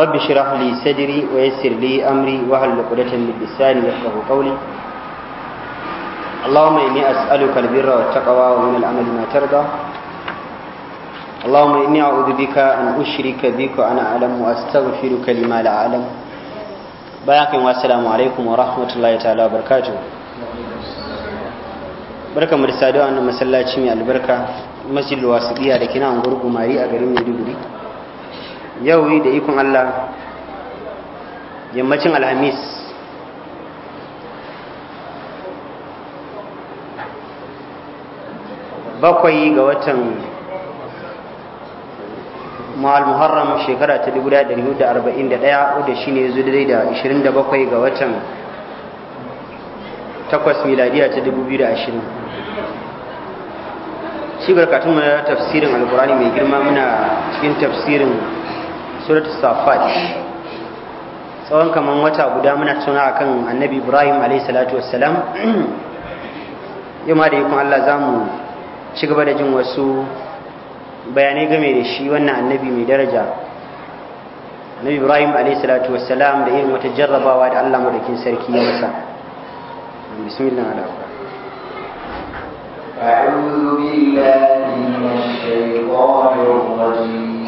رب اشرح لي صدري ويسر لي أمري وهل عقدة من لساني يفقه قولي اللهم إني أسألك البر والتقوى ومن العمل ما ترضى اللهم إني أعوذ بك أن أشرك بك أنا أعلم وأستغفرك لما لا أعلم باقي والسلام عليكم ورحمة الله تعالى وبركاته barka mu da saduwa wannan masallaci mai albarka masjidul wasiqiya da kina an gurgumari a garin Maiduguri yau da ikon Allah yammacin alhamis bakwai ga watan ma'al muharram shekara ta 1441 wadda shi ne zudai da 27 ga watan takwas miladiya ta 2020 shigar katunmu na tafsirin alkurani mai girma muna cikin tafsirin surat safat tsawon kaman wata guda muna tuna akan annabi ibrahim alayhi salatu wassalam yau ma da kuma allah za mu ci gaba da jin wasu bayanai game da shi wannan annabi mai daraja annabi ibrahim alayhi salatu wassalam da irin wata jarrabawa da allah madaukin sarki ya masa bismillah ala أعوذ بالله من الشيطان الرجيم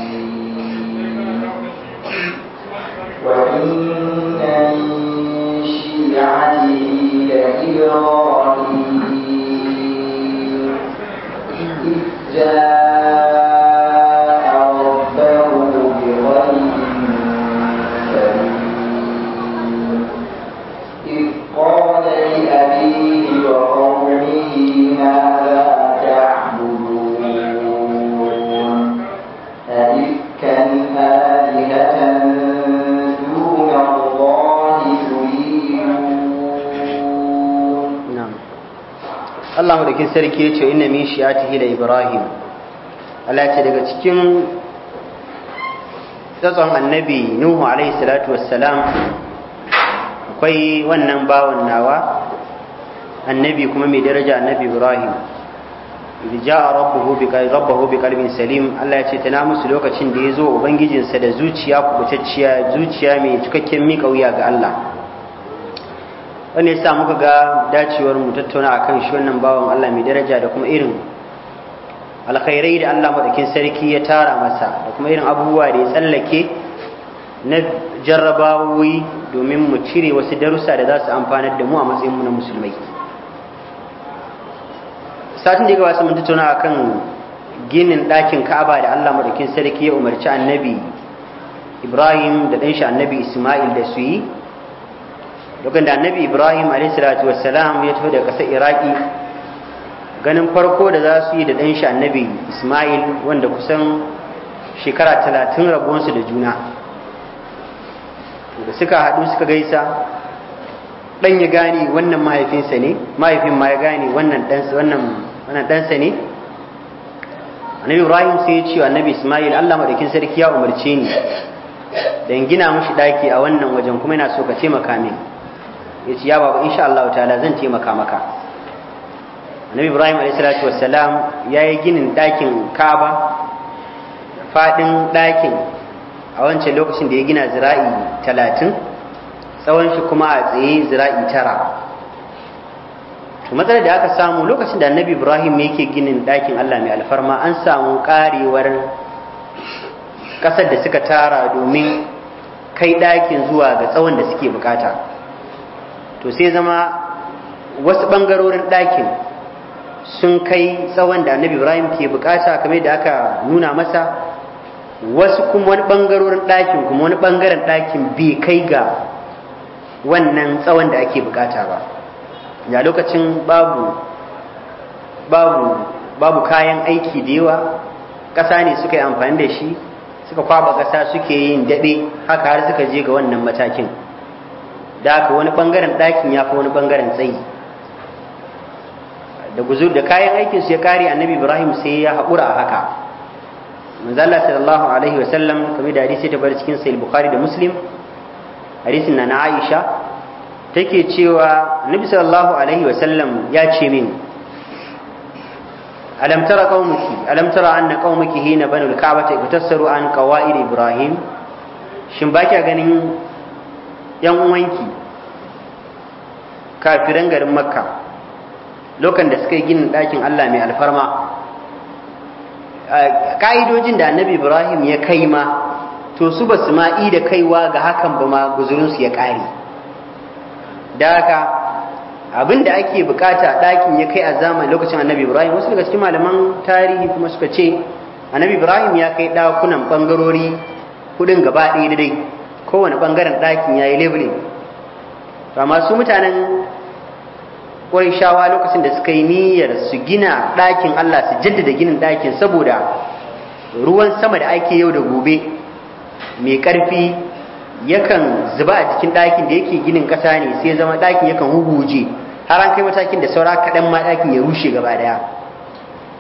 جاء Allah madaukin sarki ya ce inna min shi'atihi Ibrahim Allah ce daga cikin tsatson annabi Nuhu alayhi salatu wassalam akwai wannan bawan nawa annabi kuma mai daraja annabi Ibrahim idh ja rabbuhu bi rabbuhu bi qalbin salim Allah ya ce tana musu lokacin da ya zo ubangijinsa da zuciya kubutacciya zuciya mai cikakken miƙa wuya ga Allah wani ya sa muka ga dacewar mu tattauna akan shi wannan bawan Allah mai daraja da kuma irin alkhairai da Allah madaukin sarki ya tara masa da kuma irin abubuwa da ya tsallake na jarrabawai domin mu cire wasu darussa da za su amfanar da mu a matsayin mu na musulmai satin da ya gabata mun tattauna kan ginin ɗakin Ka'aba da Allah madaukin sarki ya umarci Annabi Ibrahim da ɗanshi Annabi Isma'il da su yi lokacin da annabi ibrahim alaihi wasallam ya tafi da kasar iraki ganin farko da za su yi da danshi annabi ismail wanda kusan shekara talatin rabuwansu da juna da suka haɗu suka gaisa ɗan ya gane wannan mahaifinsa ne mahaifin ma ya gane wannan ɗansa ne annabi ibrahim sai ya ce wa annabi ismail allah maɗaukin sarki ya umarce ni dan gina mashi ɗaki a wannan wajen kuma yana so ka taimaka min ya ce ya babu insha Allah ta'ala zan taimaka maka annabi ibrahim alaihissalatu wassalam ya yi ginin ɗakin kaba faɗin ɗakin a wancan lokacin da ya gina zira'i talatin tsawon shi kuma a tsaye zira'i tara to matsalar da aka samu lokacin da annabi ibrahim yake ginin ɗakin allah mai alfarma an samu ƙarewar ƙasar da suka tara domin kai ɗakin zuwa ga tsawon da suke bukata to sai zama wasu ɓangarorin ɗakin sun kai tsawon da annabi ibrahim ke bukata kamar da aka nuna masa wasu kuma wani ɓangarorin ɗakin kuma wani ɓangaren ɗakin bai kai ga wannan tsawon da ake bukata ba ya lokacin babu babu babu kayan aiki da yawa ƙasa ne suka yi amfani da shi suka kwaba ƙasa suke yin daɗe haka har suka je ga wannan matakin da aka wani bangaren ɗakin ya fi wani bangaren tsayi da guzur da kayan aikin su ya kare annabi ibrahim sai ya haƙura a haka manzala sallallahu alaihi wa sallam kamar da hadisi ta bar cikin sahih bukhari da muslim hadisin na aisha take cewa annabi sallallahu alaihi wa sallam ya ce min alam tara qaumuki alam tara anna qaumuki hina banul ka'bata iktassaru an qawaid ibrahim shin ba kya ganin yan uwanki kafiran garin makka lokacin da suka yi ginin ɗakin allah mai alfarma ka'idojin da annabi ibrahim ya kai ma to su ba su ma'i da kaiwa ga hakan ba ma guzurinsu ya kare. da haka abin da ake bukata ɗakin ya kai a zamanin lokacin annabi ibrahim wasu daga cikin malaman tarihi kuma suka ce annabi ibrahim ya kai ɗakunan ɓangarori kuɗin gaba ɗaya da dai kowane ɓangaren ɗakin ya yi labelin amma su mutanen shawa lokacin da suka yi niyyar su gina ɗakin Allah su jaddada ginin ɗakin saboda ruwan sama da ake yau da gobe mai ƙarfi yakan zuba a cikin ɗakin da yake ginin ƙasa ne sai zama ɗakin yakan huguje har an kai matakin da saura kaɗan ma ɗakin ya rushe gaba ɗaya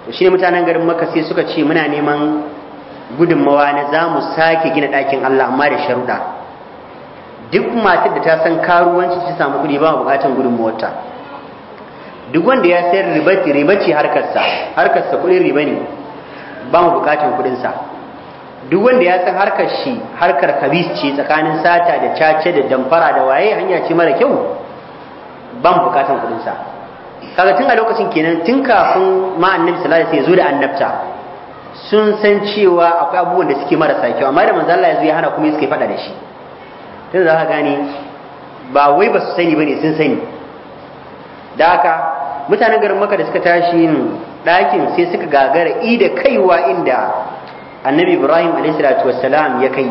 to shi ne mutanen garin maka sai suka ce muna neman gudunmawa na za mu sake gina ɗakin Allah amma da sharuɗa duk matar da ta san karuwanci ta samu kuɗi ba bukatan gudun mota duk wanda ya sayar ribaci ribaci harkarsa harkarsa kuɗin riba ne ba mu bukatan kuɗinsa duk wanda ya san harkar shi harkar kabis ce tsakanin sata da cace da damfara da waye hanya ce mara kyau ba mu bukatan kuɗinsa kaga tun a lokacin kenan tun kafin ma annabi sallallahu alaihi ya zo da annabta sun san cewa akwai abubuwan da suke marasa kyau amma da manzo Allah ya zo ya hana kuma suke faɗa da shi tun za ka gane ba wai ba su sani ba ne sun sani da haka mutanen garin maka da suka tashi yin ɗakin sai suka gagara i da kaiwa inda annabi ibrahim a.s. ya kai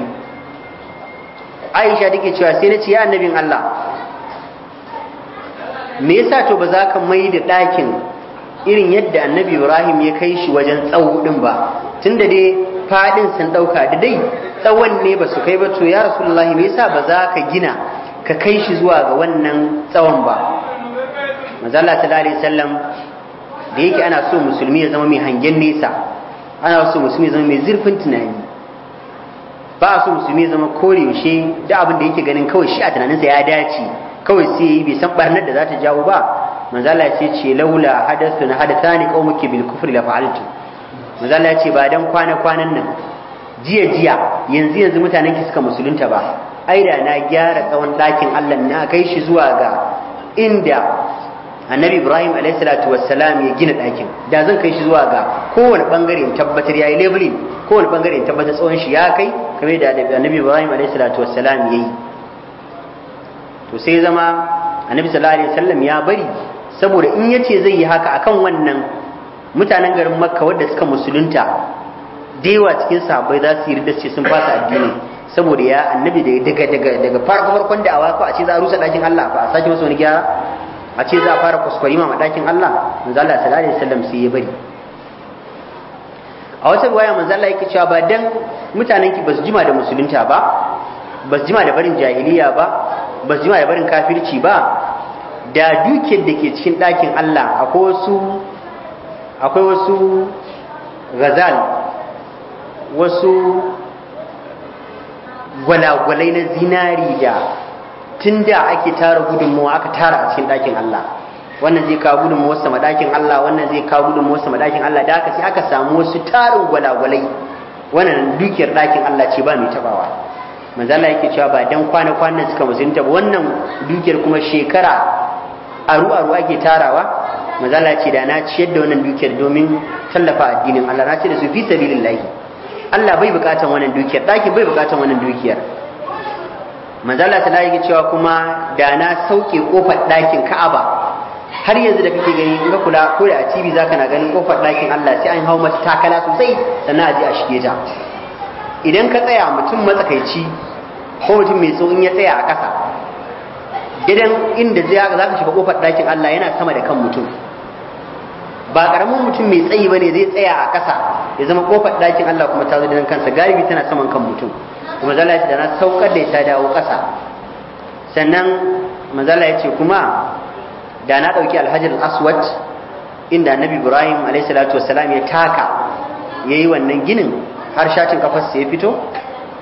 aisha take cewa sai na ce ya annabin allah me yasa to ba za ka mai da ɗakin irin yadda annabi ibrahim ya kai shi wajen tsawo ɗin ba Tun da dai fadin sun dauka da dai tsawon ne ba su kai ba to ya rasulullahi me yasa ba za ka gina ka kai shi zuwa ga wannan tsawon ba Manzala ta sallallahu sallam da yake ana so musulmi ya zama mai hangen nesa ana so musulmi ya zama mai zurfin tunani ba su so musulmi ya zama koyaushe da abin da yake ganin kawai shi a tunaninsa ya dace kawai sai yi bai san barnar da za ta jawo ba Manzala ce ce laula ne hadathani qaumuki bil kufri la fa'altu manzo ya ce ba dan kwana kwanan nan jiya jiya yanzu yanzu mutanen ki suka musulunta ba ai da na gyara tsawon dakin Allah na kai shi zuwa ga inda annabi Ibrahim alayhi salatu wassalam ya gina dakin, da zan kai shi zuwa ga kowane bangare in tabbatar yayi labeling kowane bangare in tabbatar tsawon shi ya kai kamar da annabi Ibrahim alayhi salatu wassalam yayi to sai zama annabi sallallahu alaihi wasallam ya bari saboda in yace zai yi haka akan wannan mutanen garin makka wadda suka musulunta da cikin sahabbai za su yi da ce sun fasa addini saboda ya annabi daga daga daga farko farkon da awa ko a ce za a rusa dakin Allah ba a sake masa wani gyara a ce za a fara kuskure ma dakin Allah manzo Allah sallallahu alaihi wasallam sai ya bari a wata riwaya manzo Allah yake cewa ba dan mutanen ki basu jima da musulunta ba basu jima da barin jahiliya ba basu jima da barin kafirci ba da dukiyar da ke cikin dakin Allah akwai wasu akwai wasu gazal, wasu gwalagwalai na zinari da tun da ake tara gudunmuwa aka tara a cikin ɗakin Allah wannan zai kawo wasu sama ɗakin Allah wannan zai kawo wasu sama ɗakin Allah da aka sai aka samu wasu tarin gwalagwalai wannan dukiyar ɗakin Allah ce ba mai tabawa manzo yake cewa ba dan kwana kwanan suka musulunta ba wannan dukiyar kuma shekara aru aru ake tarawa Manzala ce da na ciyar da wannan dukiyar domin tallafa addinin Allah na ce da su fi lahi. Allah bai bukatan wannan dukiyar daki bai bukatan wannan dukiyar Manzala ta lahi cewa kuma da na sauke kofar dakin Ka'aba har yanzu da kake gani in ka kula ko da a TV zaka na ganin kofar dakin Allah sai an hau mata takala sosai sannan a je a shige ta idan ka tsaya mutum matsakaici ko mutum mai tsohon ya tsaya a ƙasa gidan inda za ka shiga kofar ɗakin Allah yana sama da kan mutum ba karamin mutum mai tsayi bane zai tsaya a ƙasa ya zama kofar ɗakin Allah kuma ta zo da kansa galibi tana saman kan mutum kuma zalla ya da na saukar da ta dawo ƙasa sannan manzala ya ce kuma da na ɗauki alhajar aswad inda Nabi ibrahim alaihi salatu wassalam ya taka ya yi wannan ginin har shatin kafarsa ya fito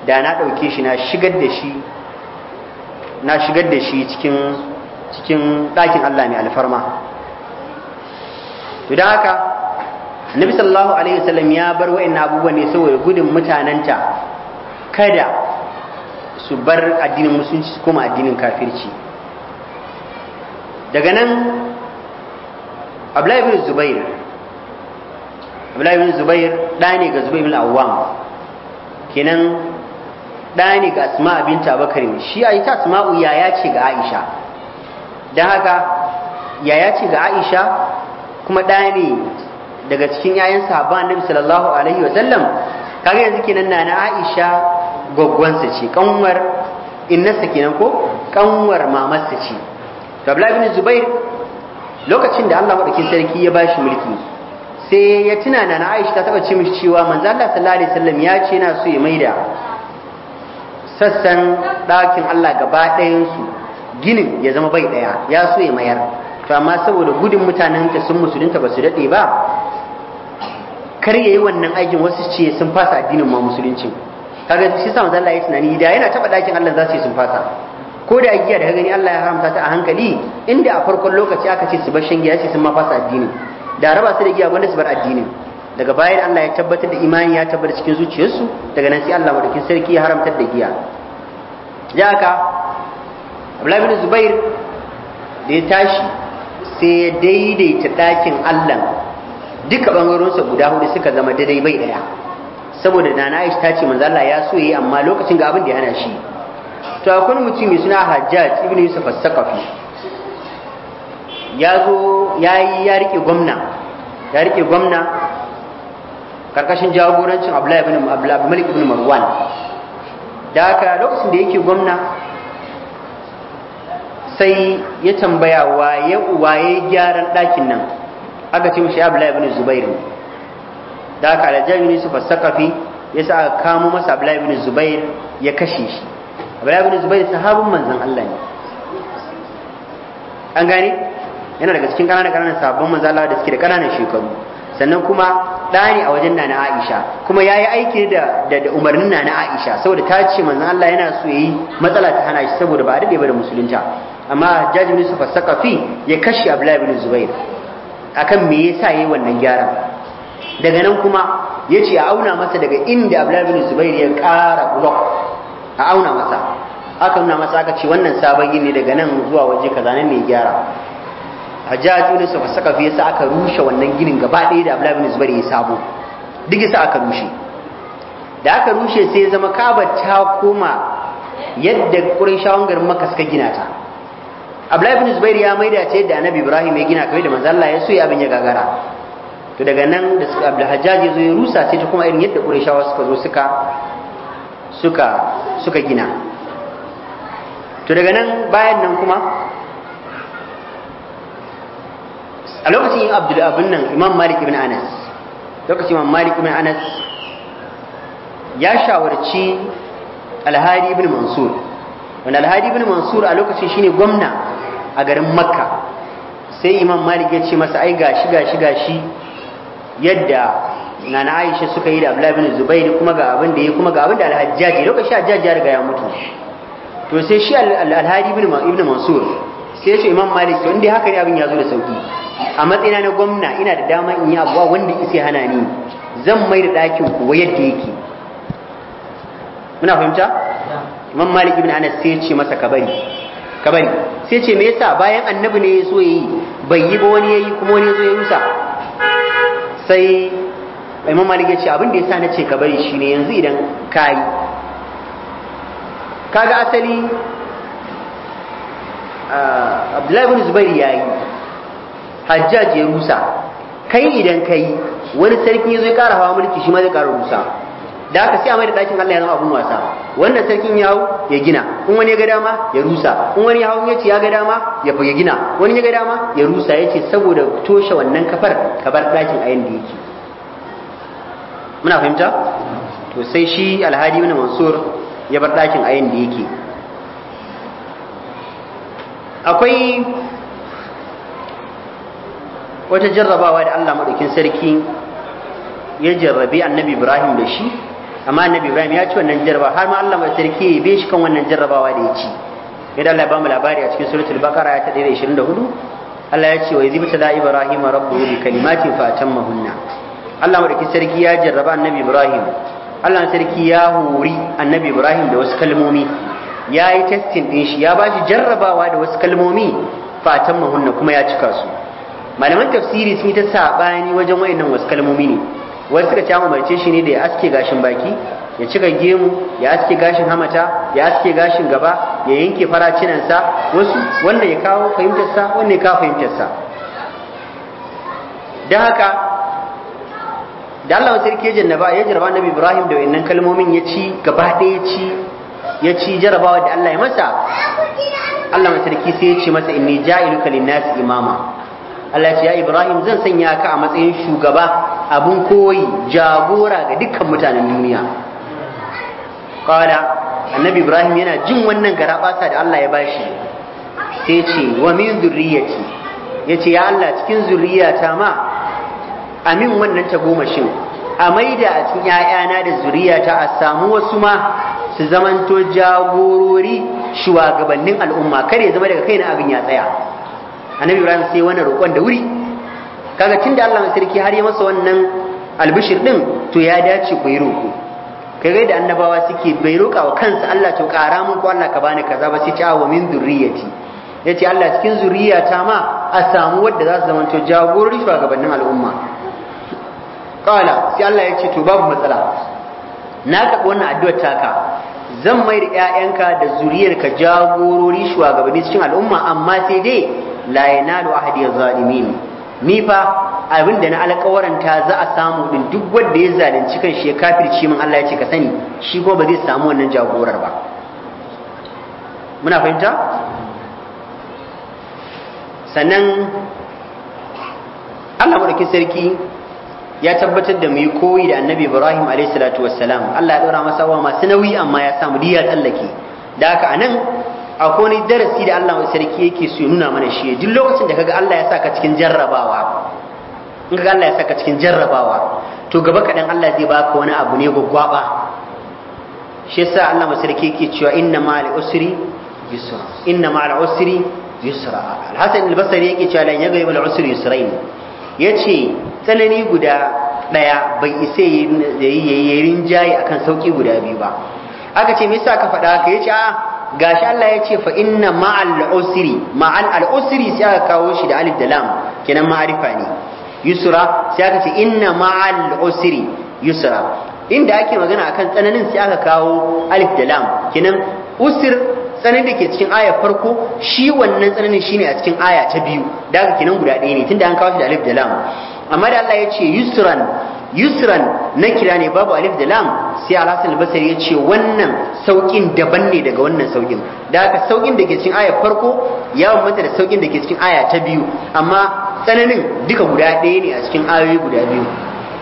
da na ɗauke shi na shigar da shi na shigar da shi cikin cikin ɗakin Allah mai alfarma to da haka nabi sallallahu alaihi wasallam ya bar wa'in abubuwa ne saboda gudun mutanenta kada su bar addinin musulunci kuma addinin kafirci daga nan abdullahi bin zubair abdullahi bin zubair ɗa ne ga zubair bin awwam kenan ɗa ne ga asma binta abakar shi a ita asma'u yaya ce ga aisha don haka yaya ce ga aisha kuma ɗa ne daga cikin yayan sahabban annabi sallallahu alaihi wa sallam kaga yanzu kenan na na Aisha gwaggwansa ce kanwar innarsa kenan ko kanwar mamarsa ce to Abdullahi bin Zubair lokacin da Allah madaukin sarki ya bashi mulki sai ya tuna Nana Aisha ta taba ce mishi cewa manzo Allah sallallahu alaihi wasallam ya ce na so ya mai da sassan ɗakin Allah gaba ɗayan su ginin ya zama bai ɗaya ya so ya mayar to amma saboda gudun mutanen ta sun musulunta ba su daɗe ba kar yayi wannan aikin wasu ce sun fasa addinin ma musulunci kaga shi sa manzo Allah ya tunani da yana taba dakin Allah za su sun fasa ko da giya da gani Allah ya haramta ta a hankali inda a farkon lokaci aka ce su bar shan giya sai sun ma fasa addini da raba su da giya wanda su bar addinin daga bayan Allah ya tabbatar da imani ya tabbata cikin zuciyarsu daga nan sai Allah madaukin sarki ya haramtar da giya ya ka Abdullahi bin Zubair da ya tashi sai ya daidaita ɗakin Allah duka bangarorinsa guda hudu suka zama daidai bai daya saboda nana Aisha ta ce manzo Allah ya so yi amma lokacin ga abin da ya hana shi to akwai mutum mai suna Hajjaj ibn Yusuf as-Saqafi ya zo yi ya rike gwamna ya rike gwamna karkashin jagorancin Abdullahi ibn Abdullah Malik ibn Marwan da haka lokacin da yake gwamna sai ya tambaya waye waye gyaran ɗakin nan aka ce mishi Abdullahi laifin Zubairu da aka alajar yi su fasakafi ya sa aka kamo masa Abdullahi laifin Zubairu ya kashe shi Abdullahi Zubairu Zubair sahabin manzan Allah ne an gane yana daga cikin ƙananan ƙananan sabon manzan Allah da suke da ƙananan shekaru sannan kuma ɗa ne a wajen na Nana Aisha kuma ya yi aiki da da umarnin na Aisha saboda ta ce manzan Allah yana so ya yi matsala ta hana shi saboda ba a daɗe ba da musulunta amma jaji ibn yusuf as ya kashe abdullahi ibn zubair akan me yasa yayi wannan gyara daga nan kuma yace a auna masa daga inda abdullahi ibn zubair ya kara block a auna masa aka nuna masa aka ce wannan sabon gini daga nan zuwa waje kaza nan ne gyara hajjaj ibn yusuf as-saqafi yasa aka rushe wannan ginin gaba ɗaya da abdullahi ibn zubair ya sabo duk yasa aka rushe da aka rushe sai ya zama kaba ta koma yadda ƙurin garin maka suka gina ta Abdullahi ibn Zubair ya maida ta yadda Annabi Ibrahim ya gina kai da manzo Allah ya so ya abin ya gagara to daga nan da suka Abdul hajjaji zo ya rusa sai ta kuma irin yadda Qurayshawa suka zo suka suka suka gina to daga nan bayan nan kuma a lokacin yin Abdul abun nan Imam Malik ibn Anas lokacin Imam Malik ibn Anas ya shawarci Alhari ibn Mansur wanda Alhari ibn Mansur a lokacin shine gwamna a garin makka sai imam malik ya ce masa ai gashi gashi gashi yadda na aisha suka yi da abdullahi bin zubair kuma ga abin da yi kuma ga abin da alhajjaji lokacin alhajjaji ya riga ya mutu to sai shi alhaji ibn mansur sai shi imam malik to inda haka ne abin ya zo da sauki a matsayina na gwamna ina da dama in yi abuwa wanda ise hana ni zan mai da ɗakin kuwa yadda yake muna fahimta imam malik ibn anas sai ya ce masa ka bari ka bari sai ce me yasa bayan annabi ne ya so yayi bai yi ba wani yayi kuma wani zo ya rusa sai imam malik ya ce abin da yasa na ce ka bari shine yanzu idan ka yi kaga asali abdullahi ibn zubair ya yi hajjaj ya rusa kai idan ka yi wani sarki ya zo ya kara hawa mulki shi ma zai kara rusa da aka sai a mai da ɗakin Allah ya zama abun wasa wannan sarkin ya ya gina in wani ya ga dama ya rusa in wani ya hau ya ce ya ga dama ya gina wani ya ga dama ya rusa ya saboda toshe wannan kafar ka bar ɗakin a yanda yake muna fahimta to sai shi Alhaji ibn mansur ya bar ɗakin a yanda yake akwai wata jarrabawa da Allah madaukin sarki ya jarrabi annabi Ibrahim da shi amma annabi ibrahim ya ci wannan jarraba har ma Allah mai sarki ya bi shi kan wannan jarrabawa da ya ci yadda Allah ya bamu labari a cikin suratul baqara ta 124 Allah ya ce wa yazi mutala ibrahim rabbuhu bi kalimatin fa hunna Allah mai sarki ya jarraba annabi ibrahim Allah sarki ya hori annabi ibrahim da wasu kalmomi ya yi testing din shi ya ba shi jarrabawa da wasu kalmomi fa hunna kuma ya cika su malaman tafsiri sun yi ta sabani wajen wayannan wasu kalmomi ne wai suka ci umarce shi ne da ya aske gashin baki ya cika gemu ya aske gashin hamata ya aske gashin gaba ya yanke faracinansa wasu wanda ya kawo fahimtarsa wanda ya kawo fahimtarsa don haka da Allah wasu rike jannaba ya jaraba Nabi Ibrahim da wannan kalmomin ya ci gaba ɗaya ci ya ci jarabawa da Allah ya masa Allah masarki sai ya ce masa inni ja'iluka lin-nasi imama Allah ya Ibrahim zan sanya ka a matsayin shugaba abun koyi jagora ga dukkan mutanen duniya qala annabi Ibrahim yana jin wannan garaɓasa da Allah ya bashi sai ce wa min zurriyati ce. ya Allah cikin zurriyata ma amin wannan ta goma shi. a maida a cikin ‘ya'yana da zurriyata a samu wasu ma su zamanto jagorori shugabannin al'umma kare zama daga kaina abin ya tsaya annabi ibrahim sai wannan roƙon da wuri kaga da Allah mai sarki har ya masa wannan albishir din to ya dace ku yi roƙo kaga da annabawa suke bai roƙa wa kansa Allah to ƙara mun ko Allah ka bani kaza ba sai ci wa min zurriyati yace Allah cikin zuriyata ma a samu wanda za su zama to jagorori shugabannin al'umma kala sai Allah ya ce to babu matsala na karɓi wannan addu'ar taka zan mai da 'ya'yanka da zuriyarka jagorori shugabanni cikin al'umma amma sai dai la yanalu ahadi zalimin ni fa abinda da na alƙawaranta za a samu din duk wanda ya zalunci kan shi ya kafirci min Allah ya ce ka sani shi ko ba zai samu wannan jagorar ba muna fahimta sannan Allah madaukin sarki ya tabbatar da mu koyi da annabi Ibrahim alayhi salatu wassalam Allah ya ɗaura masa wa masu nauyi amma ya samu diya tsallake da haka anan akwai wani darasi da Allah mai sarki yake su nuna mana shi duk lokacin da kaga Allah ya saka cikin jarrabawa in kaga Allah ya saka cikin jarrabawa to gaba kaɗan Allah zai baka wani abu ne gwaggwaba shi yasa Allah mai sarki yake cewa inna ma'al usri yusra inna ma'al usri yusra al-hasan al-basri yake cewa lan yaghib al-usri yusrain yace tsanani guda daya bai isa yayi yayi jayi akan sauki guda biyu ba aka ce me yasa ka faɗa haka yace a ah, gashi Allah ya ce fa inna ma'al usri ma'al al usri sai aka kawo shi da alif da lam kenan ma'arifa ne yusra sai aka ce inna ma'al usri yusra inda ake magana akan tsananin sai aka kawo alif da lam kenan usr tsananin da ke cikin aya farko shi wannan tsananin shine a cikin aya ta biyu da haka kenan guda ɗaya ne tunda an kawo shi da alif da lam amma da Allah ya ce yusran yusran na kira ne babu alif da lam sai alhassan albasari ya ce wannan saukin daban ne daga wannan saukin da aka saukin da ke cikin aya farko ya mata da saukin da ke cikin aya ta biyu amma tsananin duka guda ɗaya ne a cikin ayoyi guda biyu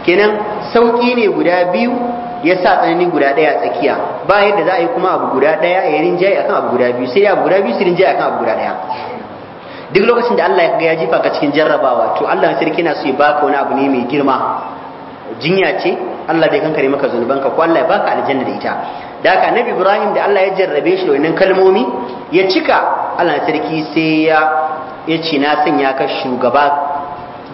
kenan sauki ne guda biyu ya sa tsanani guda ɗaya a tsakiya ba yadda za a yi kuma abu guda ɗaya ya rinjaye akan abu guda biyu sai abu guda biyu su rinjaye akan abu guda ɗaya duk lokacin da Allah ya jifa ka cikin jarrabawa to Allah sarki na so ya baka wani abu ne mai girma jinya ce Allah bai kankare maka zunubanka ko Allah ya baka aljanna da ita da haka Nabi Ibrahim da Allah ya jarrabe shi da wannan kalmomi ya cika Allah na sarki sai ya ya ce na sanya ka shugaba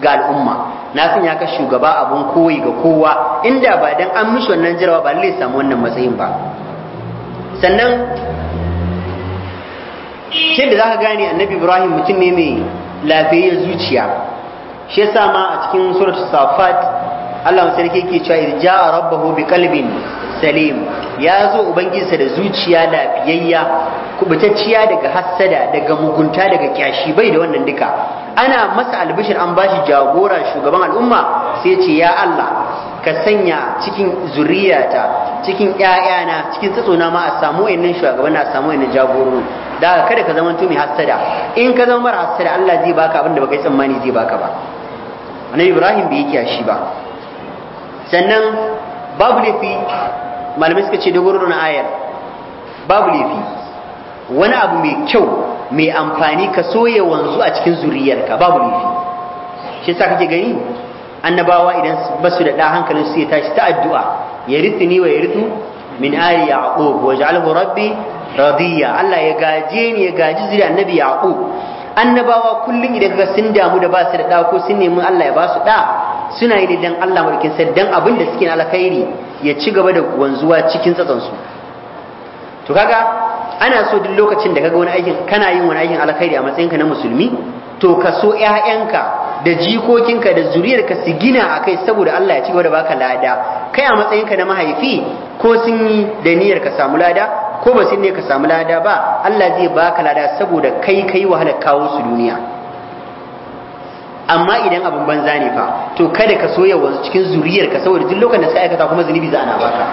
ga al'umma na sanya ka shugaba abun koyi ga kowa inda ba dan an mishi wannan jarawa ba lallai samu wannan matsayin ba sannan kin da zaka gane annabi ibrahim mutum ne mai lafiyar zuciya shi yasa ma a cikin suratul safat Allah sarki ke cewa irja rabbahu bi qalbin salim ya zo ubangijinsa da zuciya lafiyayya kubutacciya daga hassada daga mugunta daga kyashi bai da wannan duka ana masa albishir an bashi jagora shugaban al'umma sai ce ya Allah ka sanya cikin zuriyata cikin ƴaƴana cikin tsatsona ma a samu wayannan shugaban a samu wayannan da kada ka zama mai hassada in ka zama mara hassada Allah zai baka abin da baka yi tsammani zai baka ba annabi Ibrahim bai yi kyashi ba sannan babu laifi malamai suka ce dogoro na ayar babu laifi wani abu mai kyau mai amfani ka soye wanzu a cikin zuriyarka babu laifi shi sa kake gani annabawa idan basu da ɗan hankalin su ya tashi ta addu'a ya ni wa ya ritu min ali yaqub wa ja'alhu rabbi radiya Allah ya gaje ni ya gaji zuri annabi yaqub annabawa kullum idan ka sun damu da ba su da ɗa ko sun nemi Allah ya ba su ɗa suna yi ne dan Allah mulkin sai dan abin da suke na alkhairi ya ci gaba da wanzuwa cikin tsatsan su to kaga ana so duk lokacin da kaga wani aikin kana yin wani aikin alkhairi a matsayinka na musulmi to ka so ƴaƴanka da jikokinka da zuriyarka su gina a kai saboda Allah ya ci gaba da baka lada kai a matsayinka na mahaifi ko sun yi da niyyar ka samu lada ko ba sun ne ka samu lada ba Allah zai baka lada saboda kai kai wahala kawo su duniya amma idan abin banza ne fa to kada ka soya wasu cikin zuriyar ka saboda duk lokacin da suka aikata kuma zunubi za ana baka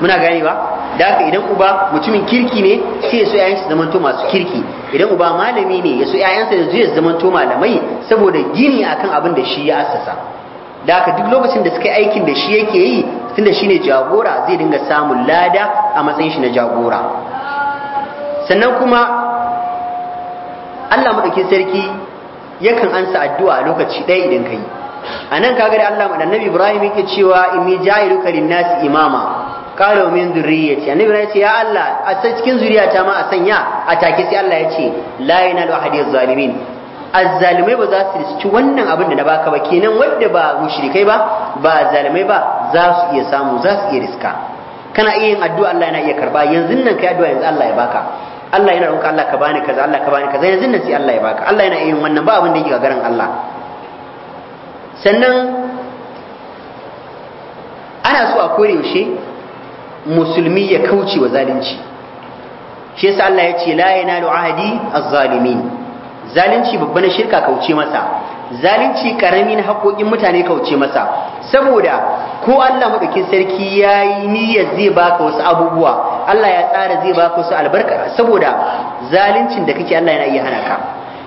muna gani ba da haka idan uba mutumin kirki ne sai ya so ƴaƴansa zaman to masu kirki idan uba malami ne ya so ƴaƴansa da zuriyar zaman to malamai saboda gini akan abin da shi ya assasa da haka duk lokacin da suka aikin da shi yake yi tunda shine jagora zai dinga samun lada a matsayin shi na jagora sannan kuma Allah madaukin sarki yakan ansa addu'a a lokaci ɗaya idan ka yi a nan kaga da Allah annabi Ibrahim yake cewa imi ja'iluka nasi imama qala min dhurriyyati annabi Ibrahim yace ya Allah a san cikin zuriyata ma a sanya a take sai Allah yace la yanalu ahadi zalimin azzalimai ba za su ci wannan abin da na baka ba kenan wanda ba mushrikai ba ba zalimai ba za su iya samu za su iya riska kana iya yin addu'a Allah yana iya karba yanzu nan kai addu'a yanzu Allah ya baka Allah yana roƙa Allah ka bani kaza Allah ka bani kaza yanzu nan sai Allah ya baka Allah yana yin wannan ba abin da yake gagarin Allah sannan ana so a kore yaushe musulmi ya kauce wa zalunci shi yasa Allah ya ce la yanalu ahadi az-zalimin zalunci babban shirka kauce masa zalunci karami na haƙoƙin mutane kauce masa saboda ko Allah madaukin sarki yayi niyyar zai baka wasu abubuwa Allah ya tsara zai baka wasu albarka saboda zaluncin da kake Allah yana iya hana ka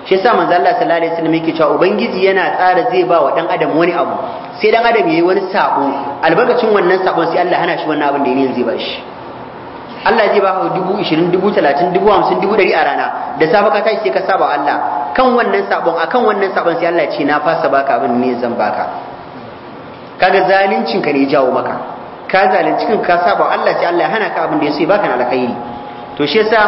shi yasa manzo Allah sallallahu alaihi wasallam yake cewa ubangiji yana tsara zai ba wa dan adam wani abu sai dan adam yayi wani sako albarkacin wannan sakon sai Allah hana shi wannan abin da yayin zai ba shi Allah zai baka dubu ishirin dubu talatin dubu hamsin dubu dari a rana da safe ka tashi sai ka saba Allah kan wannan sabon akan wannan sabon sai Allah ya ce na fasa baka abin ne zan baka kaga zalincin ka ne jawo maka ka zalunci kan ka saba Allah sai Allah ya hana ka abin da ya baka na alkhairi to shi yasa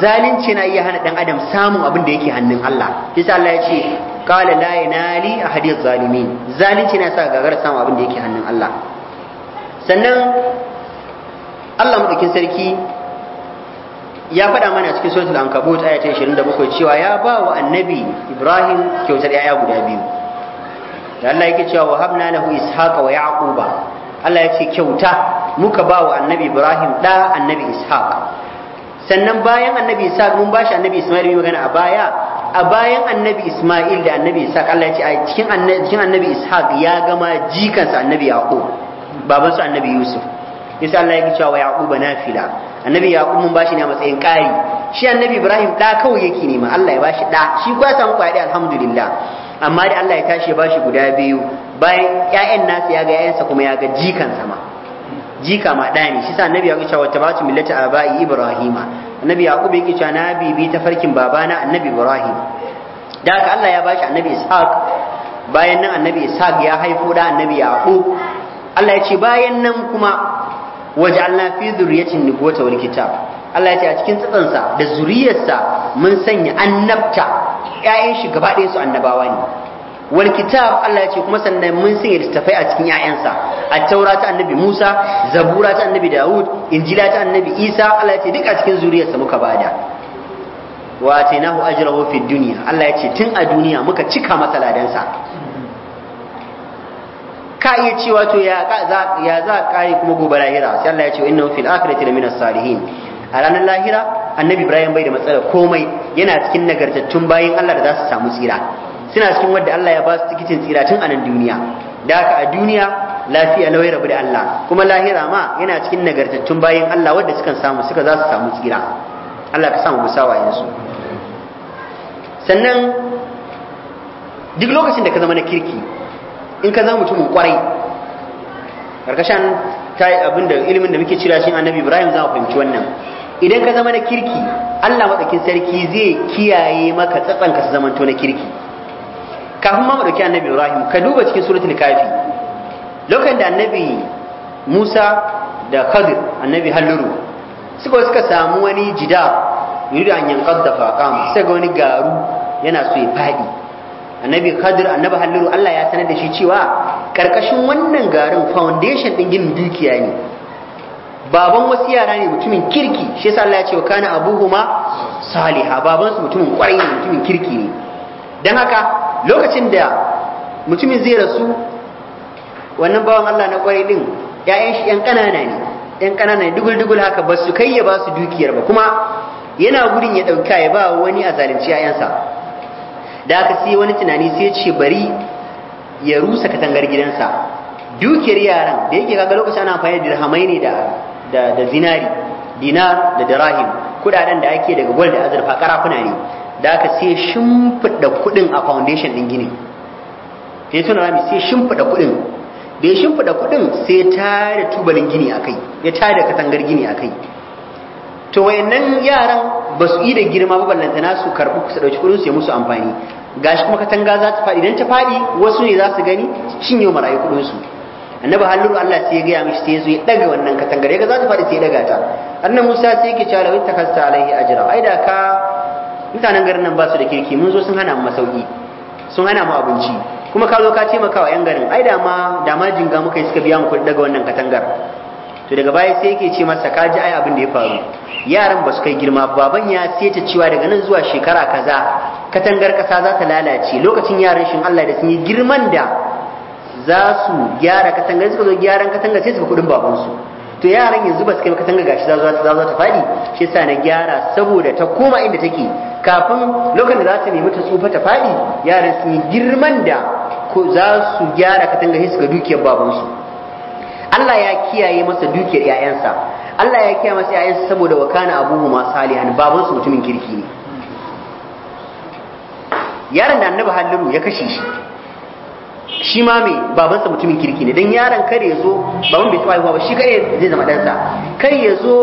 zalunci na iya hana dan adam samun abin da yake hannun Allah yasa Allah ya ce qala la yanali ahadiz zalimin zalunci na sa gagar samun abin da yake hannun Allah sannan Allah madaukin sarki ya faɗa mana cikin suratul ankabut aya ta 27 cewa ya ba wa annabi Ibrahim kyautar yaya guda biyu da Allah yake cewa wahabna lahu ishaqa wa yaquba Allah ya ce kyauta muka ba wa annabi Ibrahim da annabi ishaq sannan bayan annabi ishaq mun bashi annabi Isma'il mai magana a baya a bayan annabi Isma'il da annabi ishaq Allah ya ce a cikin annabi ishaq ya gama jikansa annabi yaqub babansu annabi yusuf yasa Allah ya cewa wa fila. nafila annabi yaqub mun bashi ne a matsayin ƙari shi annabi ibrahim da kawai yake nema Allah ya bashi da shi kuwa samu kwaɗi alhamdulillah amma da Allah ya tashi ya bashi guda biyu bayan ƴaƴan nasa ya ga ƴaƴansa kuma ya ga jikan sama jika ma ɗaya ne shi sa annabi yaqub cewa tabatu millata abai ibrahima annabi yaqub yake cewa na bibi ta farkin babana annabi ibrahim da haka Allah ya bashi annabi ishaq bayan nan annabi ishaq ya haifo da annabi yaqub Allah ya ce bayan nan kuma waj'alna fi dhurriyyatin nubuwata wal kitab Allah ya ce a cikin tsatsansa da zuriyarsa mun sanya annabta ƴaƴan shi gaba ɗaya su annabawa ne wal kitab Allah ya ce kuma sannan mun sanya littafai a cikin ƴaƴansa a taura ta annabi Musa zabura ta annabi Dawud injila ta annabi Isa Allah ya ce duk a cikin zuriyarsa muka bada wa atainahu ajrahu fid dunya Allah ya ce tun a duniya muka cika masa ladansa ka iya cewa to ya za ya za kuma gobe lahira sai Allah ya ce innahu fil akhirati laminas salihin a ranar lahira annabi Ibrahim bai da matsala komai yana cikin nagartattun bayin Allah da za su samu tsira suna cikin wanda Allah ya ba su tikitin tsira tun a nan duniya da haka a duniya lafiya lawai rabu da Allah kuma lahira ma yana cikin nagartattun bayin Allah wanda suka samu suka za su samu tsira Allah ka samu musawayen su sannan duk lokacin da ka zama na kirki in ka zama mutumin kwarai karkashin ta da ilimin da muke cira shi annabi ibrahim za a fahimci wannan idan ka zama na kirki allah maɗaukin sarki zai kiyaye maka tsatsan ka su zamanto na kirki kafin ma maɗauki annabi ibrahim ka duba cikin suratul kafi lokacin da annabi musa da khadir annabi halluru suka suka samu wani jida yuridu an da faqam sai ga wani garu yana so ya faɗi. annabi kadir annabi halliru Allah ya sanar da shi cewa karkashin wannan garin foundation din ginin dukiya ne baban wasu yara ne mutumin kirki shi yasa Allah ya ce wa kana abuhuma saliha baban su mutumin kwarai ne mutumin kirki ne dan haka lokacin da mutumin zai rasu wannan bawan Allah na kwarai din yayan shi 'yan kanana ne 'Yan kanana ne dugul dugul haka ba su kai ya ba su dukiyar ba kuma yana gudun ya ɗauka ya ba wani a zalunci 'yayansa da aka sai wani tunani sai ce bari ya rusa katangar gidansa dukiyar yaran da yake kaga lokacin ana amfani da dirhamai ne da da zinari dinar da dirahim kudaden da ake daga gwal da azurfa karafuna ne da aka sai shimfiɗa kuɗin a foundation din gini sai tuna rami sai shimfiɗa kuɗin da ya shimfiɗa kuɗin sai tare tubalin gini akai ya tare katangar gini akai to wayannan yaran ba su yi da girma ba ballantana su karɓi su ɗauki kuɗin su ya musu amfani gashi kuma katanga za ta faɗi idan ta faɗi wasu ne za su gani su cinye marayu kuɗin su annabi halluru Allah sai ya gaya mishi sai zo ya daga wannan katangar ya ga za ta faɗi sai daga ta annabi Musa sai yake cewa lawin takasta alaihi ajra ai da ka mutanen garin nan ba su da kirki mun zo sun hana mu masauki sun hana mu abinci kuma ka zo ka maka wa 'yan garin ai da ma da ma jinga muka yi suka biya mu kuɗi daga wannan katangar to daga baya sai yake ce masa ka ji ai abin da ya faru yaran ba su kai girma baban ya seta cewa daga nan zuwa shekara kaza katangar kasa za ta lalace lokacin yaran shin Allah da sun yi girman da za su gyara katangar suka zo gyaran katangar sai ga kudin babansu to yaran yanzu ba su kai katangar gashi za za ta fadi shi yasa na gyara saboda ta koma inda take kafin lokacin da za ta nemi ta tsufa ta fadi yaran sun yi girman da ko za su gyara katangar sai ga dukiyar babansu Allah ya kiyaye masa dukiyar 'ya'yansa Allah ya kiyaye masa 'ya'yansa saboda wakana abuhu ma salihan babansu mutumin kirki ne yaron da annabi halliru ya kashe shi shi ma mai babansa mutumin kirki ne don yaron kar ya zo baban bai taɓa haihuwa ba shi ka zai zama ɗansa kar ya zo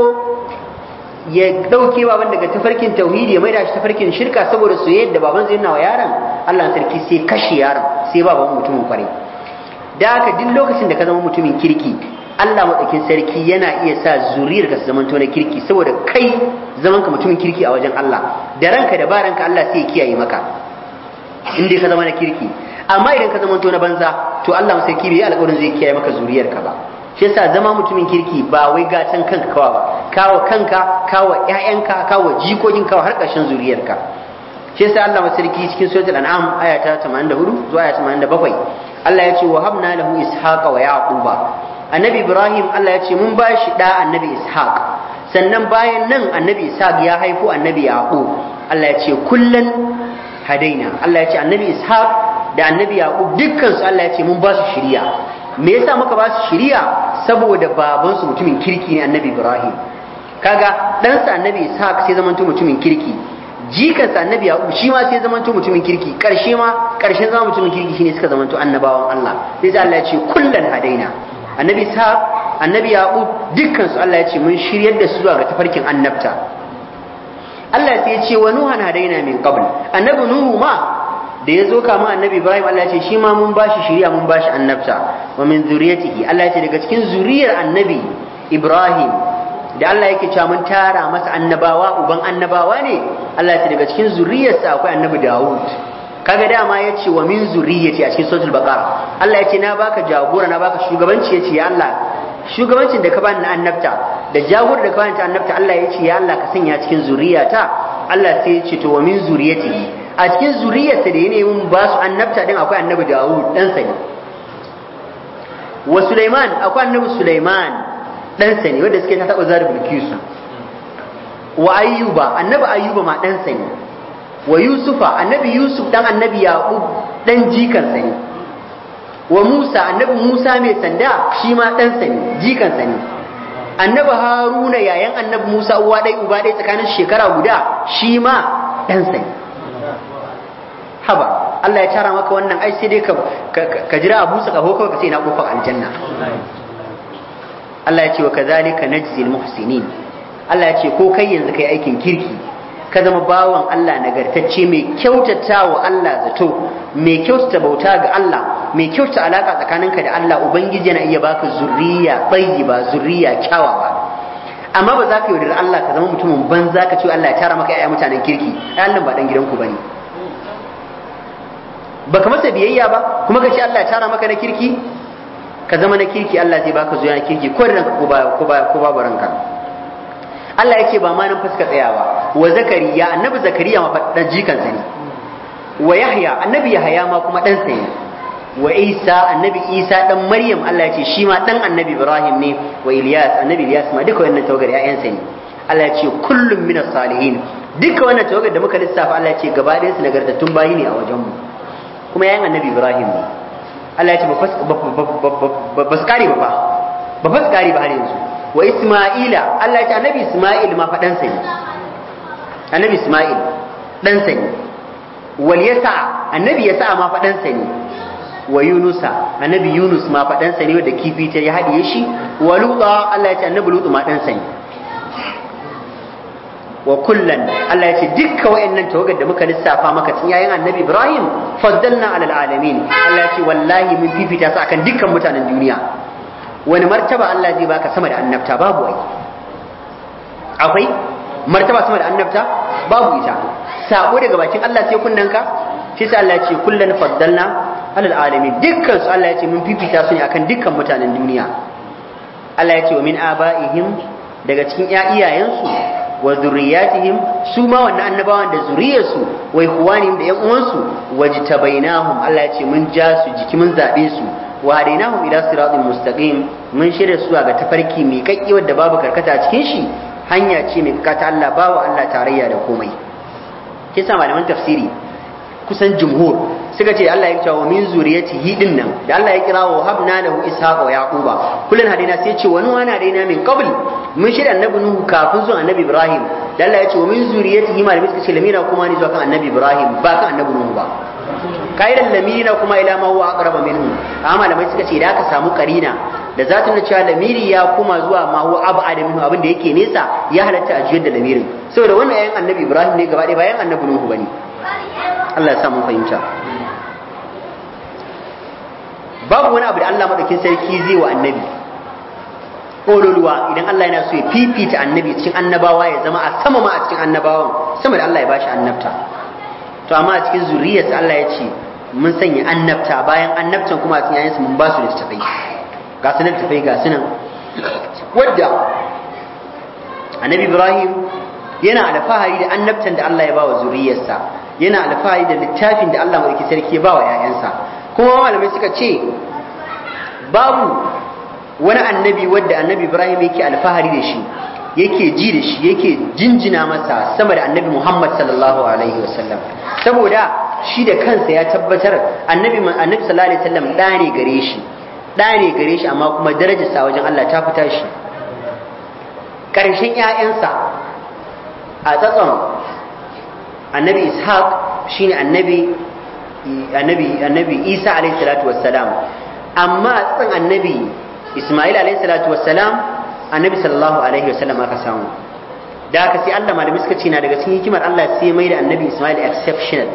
ya ɗauke baban daga tafarkin tauhidi ya maida shi tafarkin shirka saboda su yadda baban zai nawa yaron Allah sarki sai kashe yaron sai baban mutumin kwarai da haka duk lokacin da ka zama mutumin kirki Allah maɗaukin sarki yana iya sa zuriyar ka su tona na kirki saboda kai zaman ka mutumin kirki a wajen Allah da ranka da baranka Allah sai ya kiyaye maka in ka zama na kirki amma idan ka zamanta na banza to Allah sarki bai alƙawarin zai kiyaye maka zuriyar ka ba shi yasa zama mutumin kirki ba wai gatan kanka kawa ba kawo kanka kawo ƴaƴanka kawo jikokin kawo har ƙarshen zuriyarka shi yasa Allah sarki cikin suratul an'am aya ta 84 zuwa aya 87 Allah ya ce wa habna lahu ishaqa wa yaquba annabi ibrahim Allah ya ce mun ba shi da annabi ishaq sannan bayan nan annabi ishaq ya haifu annabi yaqub Allah ya ce kullan hadaina Allah ya ce annabi ishaq da annabi yaqub dukkan su Allah ya ce mun ba su shiriya me yasa muka ba su shiriya saboda baban su mutumin kirki ne annabi ibrahim kaga ɗansa annabi ishaq sai zamanto mutumin kirki jikansa annabi ya shi ma sai zamanto mutumin kirki karshe ma karshen zama mutumin kirki shine suka zamanto annabawan Allah sai sai Allah ya ce kullan hadaina annabi sa annabi yaqub dukkan su Allah ya ce mun shiryar da su zuwa ga tafarkin annabta Allah sai ya ce wa nuhan hadaina min qabl annabi nuhu ma da ya zo kama annabi Ibrahim Allah ya ce shi ma mun bashi shiriya mun bashi annabta wa min zuriyatihi Allah ya ce daga cikin zuriyar annabi Ibrahim da Allah yake cewa mun tara masa annabawa uban annabawa ne Allah ya daga cikin zuriyarsa akwai annabi Dawud kaga dama ya ce wa min zuriyati a cikin suratul baqara Allah ya ce na baka jagora na baka shugabanci ya ce ya Allah shugabancin da ka bani na annabta da jagora da ka bani ta annabta Allah ya ce ya Allah ka sanya cikin zuriyata Allah sai ya ce to wa min zuriyati a cikin zuriyarsa da ya mun ba su annabta din akwai annabi Dawud dan sa ne wa Sulaiman akwai annabi Sulaiman ɗansa ne wanda suke ta taɓa zari bilkisu wa ayyuba annabi ayyuba ma ɗansa ne wa yusufa annabi yusuf ɗan annabi yaqub ɗan jikansa ne wa musa annabi musa mai sanda shi ma ɗansa ne jikansa ne annabi haruna yayan annabi musa uwa ɗai uba ɗai tsakanin shekara guda shi ma ɗansa ne haba Allah ya tara maka wannan ai sai dai ka jira a busa ƙaho kawai ka ce na ƙofar aljanna Allah ya ce wa kazalika najzil muhsinin Allah ya ce ko kai yanzu kai aikin kirki ka zama bawan Allah nagartacce mai kyautatawa Allah zato mai kyautata bauta ga Allah mai kyautata alaka tsakaninka da Allah ubangiji yana iya baka zuriya tsayyiba zuriya kyawawa amma ba za ka yaudar Allah ka zama mutumin banza ka ce Allah ya tara maka 'ya'ya mutanen kirki Allah ba dan gidanku bane ba baka masa biyayya ba kuma ka ce Allah ya tara maka na kirki ka zama na kirki Allah zai baka zuwa na kirki ko da ko ba ko ba ko babu ranka Allah ya ce ba ma nan fuska tsaya ba wa zakariya annabi zakariya ma dan jikan sa ne wa yahya annabi yahya ma kuma dan sa ne wa isa annabi isa dan maryam Allah ya ce shi ma dan annabi ibrahim ne wa ilyas annabi ilyas ma duka wannan tawagar ya'yan sa ne Allah ya ce kullum minas salihin duka wannan tawagar da muka lissafa Allah ya ce gaba ɗayan su nagartattun bayi ne a wajenmu kuma yayin annabi ibrahim ne Allah ya ce ba su kare ba fa ba ba su kare ba har yanzu wa Isma'ila Allah ya ce annabi Isma'il ma fa dan sani annabi Isma'il dan sani wal yasa annabi yasa ma fa dan sani wa Yunusa annabi Yunus ma fa dan sani wanda kifi ta ya hadiye shi wa Luta Allah ya ce annabi Lutu ma dan sani wa kullan Allah ya ce dukkan wayannan tawagar da muka lissafa maka tun yayin Annabi Ibrahim faddalna alal alamin Allah ya ce wallahi mun fifita su akan dukkan mutanen duniya wani martaba Allah zai baka sama da annabta babu wai akwai martaba sama da annabta babu ita sako daga bakin Allah sai kunnanka shi sai Allah ya ce kullan faddalna alal alamin dukkan su Allah ya ce mun fifita su ne akan dukkan mutanen duniya Allah ya ce wa min abaihim daga cikin iyayensu wa zurriyatihim su ma wannan annabawan da zuriyarsu wa ikhwanihim da yan uwansu wajtabainahum Allah ya ce mun ja su jiki mun zabe su wa hadainahum ila siratin mustaqim mun shirya su ga tafarki mai kakki wanda babu karkata cikin shi hanya ce mai kakata Allah bawa Allah tarayya da komai kisa malaman tafsiri kusan jumhur suka ce Allah ya kira wa min hi din nan da Allah ya kira wa habna lahu ishaqa wa yaquba kullun hadina sai ce wani wani hadaina min qabl mun shirya annabi nuhu kafin zuwa annabi ibrahim da Allah ya ce wa min hi malamin suka ce lamina kuma ni zuwa kan annabi ibrahim ba kan annabi nuhu ba kaidan lamina kuma ila ma huwa aqraba minhu amma malamai suka ce da aka samu karina da na cewa lamiri ya kuma zuwa ma huwa ab'ad minhu abin da yake nesa ya halatta ajiyar da lamirin saboda wannan ayan annabi ibrahim ne gaba ɗaya bayan annabi nuhu bane Allah ya sa mun fahimta babu wani abu da Allah madaukin sarki zai wa annabi ƙololuwa idan Allah yana so ya fifita annabi cikin annabawa ya zama a sama ma a cikin annabawan sama da Allah ya bashi annabta to amma a cikin zuriyarsa Allah ya ce mun sanya annabta bayan annabtan kuma a cikin yayansu mun ba su tafai. ga su tafai ga su nan wadda annabi Ibrahim yana da fahari da annabtan da Allah ya ba wa zuriyarsa yana alfahari da littafin da Allah mulki sarki ba wa ‘ya'yansa kuma malamai suka ce babu wani annabi wadda annabi ibrahim yake alfahari da shi yake ji da shi yake jinjina masa sama da annabi muhammad sallallahu alaihi wasallam saboda shi da kansa ya tabbatar annabi annabi sallallahu alaihi wasallam da ne gare shi da ne gare shi amma kuma darajarsa wajen Allah ta fita shi ƙarshen ‘ya'yansa a tsatson annabi ishaq shine annabi annabi annabi isa alayhi salatu wassalam amma tsan annabi isma'il alayhi salatu wassalam annabi sallallahu alaihi wasallam aka samu da aka sai Allah malami suka ce na daga cikin hikimar Allah sai mai da annabi isma'il exceptional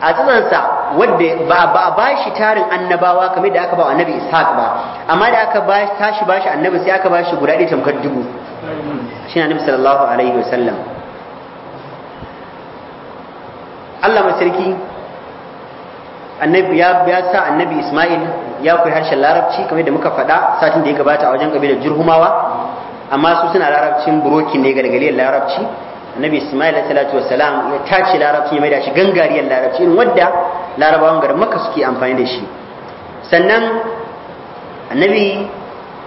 a sa wanda ba ba ba shi tarin annabawa kamar da aka ba annabi ishaq ba amma da aka ba tashi ba shi annabi sai aka ba shi guda ɗaya tamkar dubu shi annabi sallallahu alaihi wasallam Allah mai sarki annabi ya ya sa annabi Isma'il ya koyi harshen larabci kamar da muka faɗa satin da ya gabata a wajen kabilar jirhumawa amma su suna larabcin burokin ne gargaliyar larabci annabi Isma'il alaihi salam ya tace larabci ya da shi gangariyar larabci in wadda larabawan garin Makka suke amfani da shi sannan annabi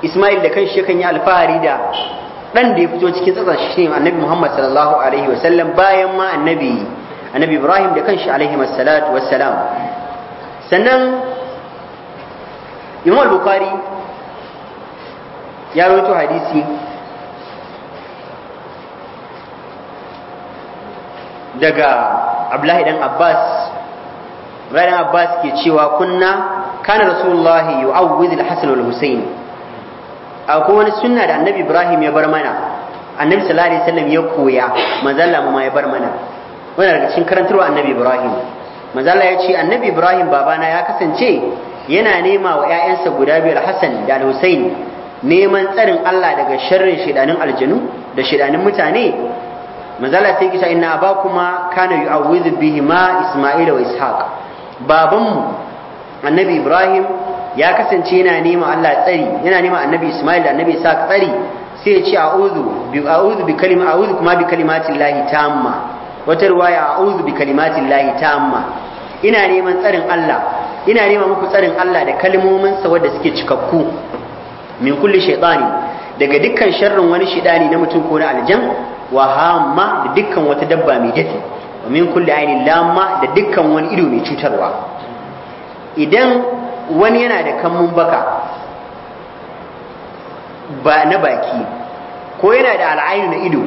Isma'il da kanshi yakan yi alfahari da dan da ya fito cikin tsatsan shi ne annabi Muhammad sallallahu alaihi wasallam bayan ma annabi annabi ibrahim da kanshi alaihi wassalatu wassalam sannan imam bukhari ya rawaito hadisi daga abdullahi dan abbas abdullahi abbas ke cewa kunna kana rasulullahi yu'awwidh al-hasan wal husayn akwai wani sunna da annabi ibrahim ya bar mana annabi sallallahu alaihi wasallam ya koya manzon Allah ma ya bar mana wannan daga cikin karantarwa annabi ibrahim manzo Allah ya ce annabi ibrahim babana ya kasance yana nema wa ƴaƴansa guda biyar Hassan da Hussein neman tsarin Allah daga sharrin shedanin aljanu da shedanin mutane manzo Allah sai kisa inna abakuma kana yu'awwidhu bihima Isma'ila wa Ishaq babanmu annabi Ibrahim ya kasance yana nema Allah tsari yana nema annabi Isma'il da annabi Ishaq tsari sai ya ce a'udhu bi a'udhu bi kalima a'udhu kuma bi kalimatillahi tamma wata ruwaya a'udhu bi kalimatin lahi amma, ina neman tsarin Allah ina nema muku tsarin Allah da kalmomin sa suke cikakku min kulli shaytani daga dukkan sharrin wani shaytani na mutum ko na aljan wa hamma da dukkan wata dabba mai dafi wa min kulli ainin lamma da dukkan wani ido mai cutarwa idan wani yana da kammun baka ba na baki ko yana da al'ainu na ido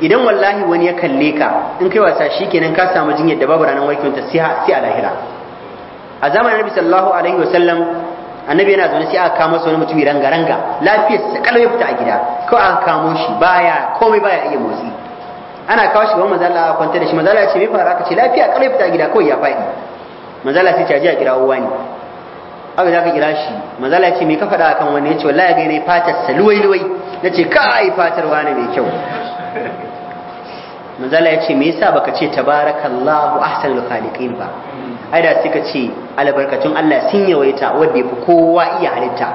idan wallahi wani ya kalle ka in kai wasa shikenan ka samu jinyar da babu ranar siha sai a lahira a zamanin Nabi sallallahu alaihi wasallam annabi yana zaune sai aka kama wani mutum ranga ranga lafiyar sa kalau ya fita a gida ko aka kamo shi baya komai baya iya motsi ana kawo shi gaban manzo Allah kwanta da shi manzo ya ce me fara ka ce lafiya kalau ya fita a gida ko ya faɗi manzo Allah sai ce ji a kira uwa ne aka za ka kira shi manzo ya ce me ka faɗa akan wani ya ce wallahi ga ne fatar sa luwai luwai nace kai fatar wani mai kyau manzala ya ce me yasa baka ce tabarakallahu ahsanul khaliqin ba ai da suka ce albarkatun Allah sun yawaita wanda yafi kowa iya halitta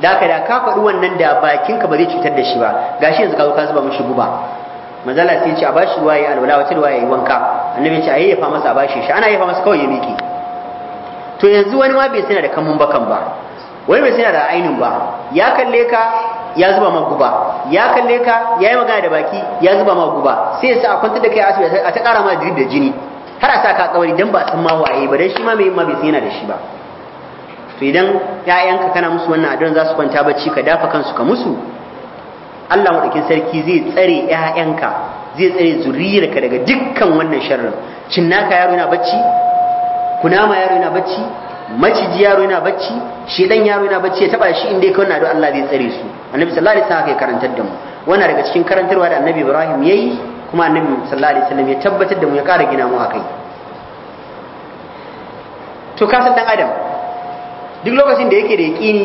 da ka da ka faɗi wannan da bakinka ba zai cutar da shi ba gashi yanzu ka zo ka zuba mishi guba manzala sai ya ce a bashi ruwa yayi alwala wata ruwa ya yi wanka annabi ya ce a yayyafa masa a bashi shi ana yayyafa masa kawai ya miki to yanzu wani ma bai sani da kamun bakan ba Wani bai sanya da ainin ba ya kalle ka ya zuba ma guba ya kalle ka ya yi magana da baki ya zuba ma guba sai ya sa a kwantar da kai asibiti a ta kara ma da jini har a sa ka dan ba sun ma waye ba dan shi ma mai ma bai sanya da shi ba to idan 'ya'yanka kana musu wannan addu'a za su kwanta bacci ka dafa kansu ka musu Allah madaukin sarki zai tsare 'ya'yanka, zai tsare zuriyarka daga dukkan wannan sharrin cinnaka yaro yana bacci kunama yaro yana bacci maciji yaro yana bacci dan yaro yana bacci ya taba shi inda na wannan Allah zai tsare su annabi sallallahu alaihi wasallam ya karantar da mu wannan daga cikin karantarwa da annabi Ibrahim yayi kuma annabi sallallahu alaihi wasallam ya tabbatar da mu ya kara gina mu akai to kasan dan adam duk lokacin da yake da yaƙini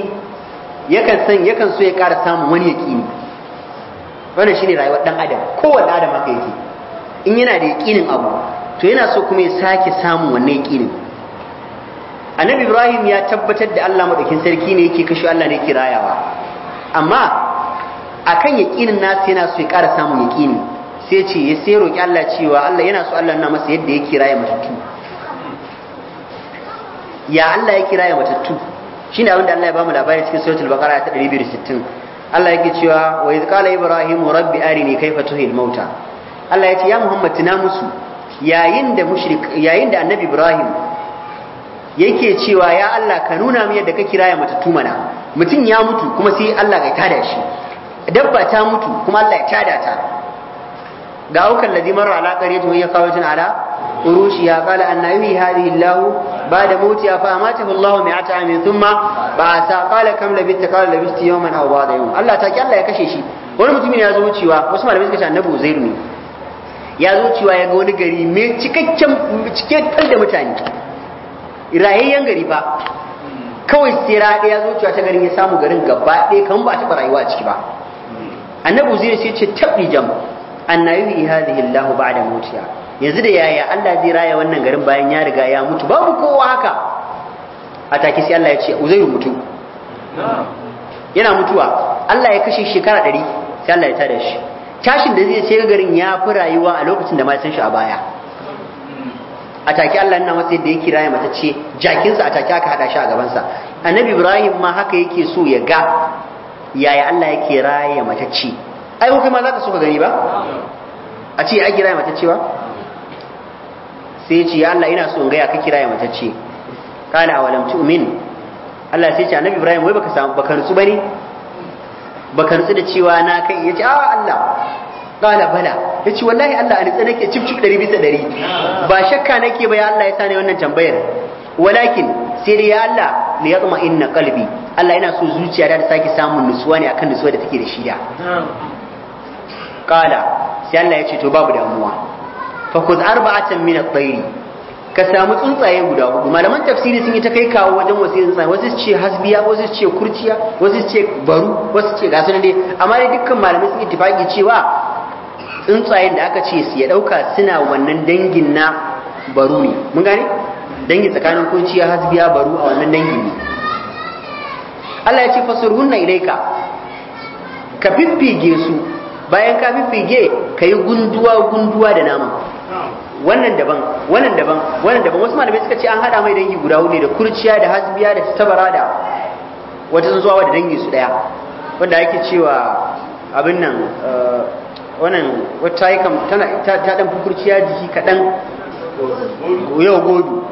yakan san yakan so ya ƙara samun wani yaqini wannan shine rayuwar dan adam kowanne adam haka yake in yana da yaƙinin abu to yana so kuma ya sake samun wannan yaƙinin annabi ibrahim ya tabbatar da allah maɗaukin sarki ne yake kashe allah ne yake rayawa amma akan yaƙinin nasu yana so ya ƙara samun yaƙini sai ce ya sai roƙi allah cewa allah yana so allah na masa yadda yake raya matattu ya allah yake raya matattu shine abin da allah ya bamu labari cikin suratul baqara ta 260 Allah yake cewa wa iz qala ibrahimu rabbi arini kayfa tuhil mauta Allah ya ce ya Muhammad tuna musu yayin da mushrik yayin da annabi Ibrahim yake cewa ya Allah ka nuna mu yadda ka kiraya matattu mana mutum ya mutu kuma sai Allah ya tada shi dabba ta mutu kuma Allah ya tada ta ga aukan ladhi marra ala ya kawo qawatun ala ya qala anna yuhi hadhihi Allah ba'da mawtiha fa amatahu Allah mi'ata amin thumma sa qala kam labitta qala labistu yawman aw ba'da yawm Allah ta ki Allah ya kashe shi wani mutumin ya zo wucewa wasu malamai suka ce annabi zai ne ya zo wucewa ya ga wani gari mai cikakken cikakken da mutane rayayyen gari ba kawai sai raɗe zuciya ta garin ya samu garin gaba ɗaya kan ba a taɓa rayuwa a ciki ba annabi zai sai ce tabbi jam annabi yi hadhihi Allah ba'da mutiya yanzu da yaya Allah zai raya wannan garin bayan ya riga ya mutu babu kowa haka a take sai Allah ya ce uzairu mutu yana mutuwa Allah ya kashe shekara ɗari sai Allah ya tada shi tashin da zai ce garin ya fi rayuwa a lokacin da ma san shi a baya a take Allah yana masa yadda ya kira ya mata ce jakinsa a take aka hada shi a gabansa annabi ibrahim ma haka yake so ya ga yaya Allah ya kira ya mata ce ai kai ma za ka so ka gani ba a ce ai kira ya mata ce ba sai ya ce ya Allah ina so in ga ya ka kira ya mata ce kana awalam tu'min Allah sai ya ce annabi ibrahim wai baka samu baka rutsu bane baka rutsu da cewa na kai ya ce a Allah kala bala yace wallahi Allah a nitsa nake cipcip 100 bisa 100 ba shakka nake ba ya Allah ya sani wannan tambayar walakin sai dai ya Allah li yatma inna qalbi Allah yana so zuciya da ta sake samun nutsuwa ne akan nutsuwa da take da shi da sai Allah ya ce to babu damuwa fa kuz arba'atan min at-tayr ka samu tsuntsaye guda hudu malaman tafsiri sun yi ta kai kawo wajen wasu tsuntsaye wasu ce hasbiya wasu ce kurciya wasu ce baru wasu ce gasu dai amma dai dukkan malamai sun tafaki cewa tsuntsayen da aka ce su ya ɗauka suna wannan dangin na baru ne mun gane dangi tsakanin kunciya hasbiya baru a wannan dangin ne Allah ya ce fasurhunna ilaika ka fiffige su bayan ka fiffige ka yi gunduwa gunduwa da nama wannan daban wannan daban wannan daban wasu malamai suka ce an hada mai dangi guda hudu da kurciya da hasbiya da tabara da wata zuwa da dangi su daya wanda ake cewa abin nan eh, wannan wata yi kam tana ta dan kukurciya jiki kaɗan yau godu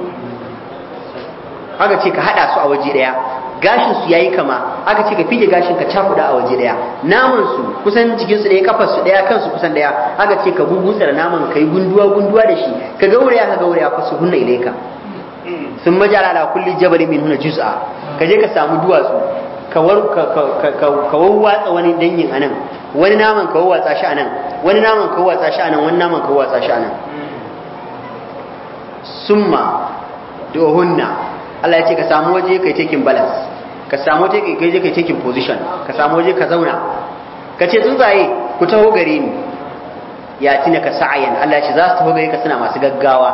aka ce ka haɗa su a waje ɗaya gashin su yayi kama aka ce ka fige gashin ka cakuɗa a waje ɗaya naman su kusan jikin su ɗaya kafar su ɗaya kansu kusan ɗaya aka ce ka gugutsa da naman kai gunduwa gunduwa da shi ka gauraya ka gauraya fa su hunna ilaika sun majala da kulli jabal min huna juz'a ka je ka samu duwatsu ka warwatsa wani danyin anan wani naman ka watsa shi anan wani naman ka watsa shi anan wani naman ka watsa shi anan summa dohunna Allah ya ce ka samu waje kai taking balance ka samu waje kai kai kai taking position ka samu waje ka zauna ka ce tsuntsaye ku taho gare ni ya tina ka sa'ayan Allah ya ce za su taho gare ka suna masu gaggawa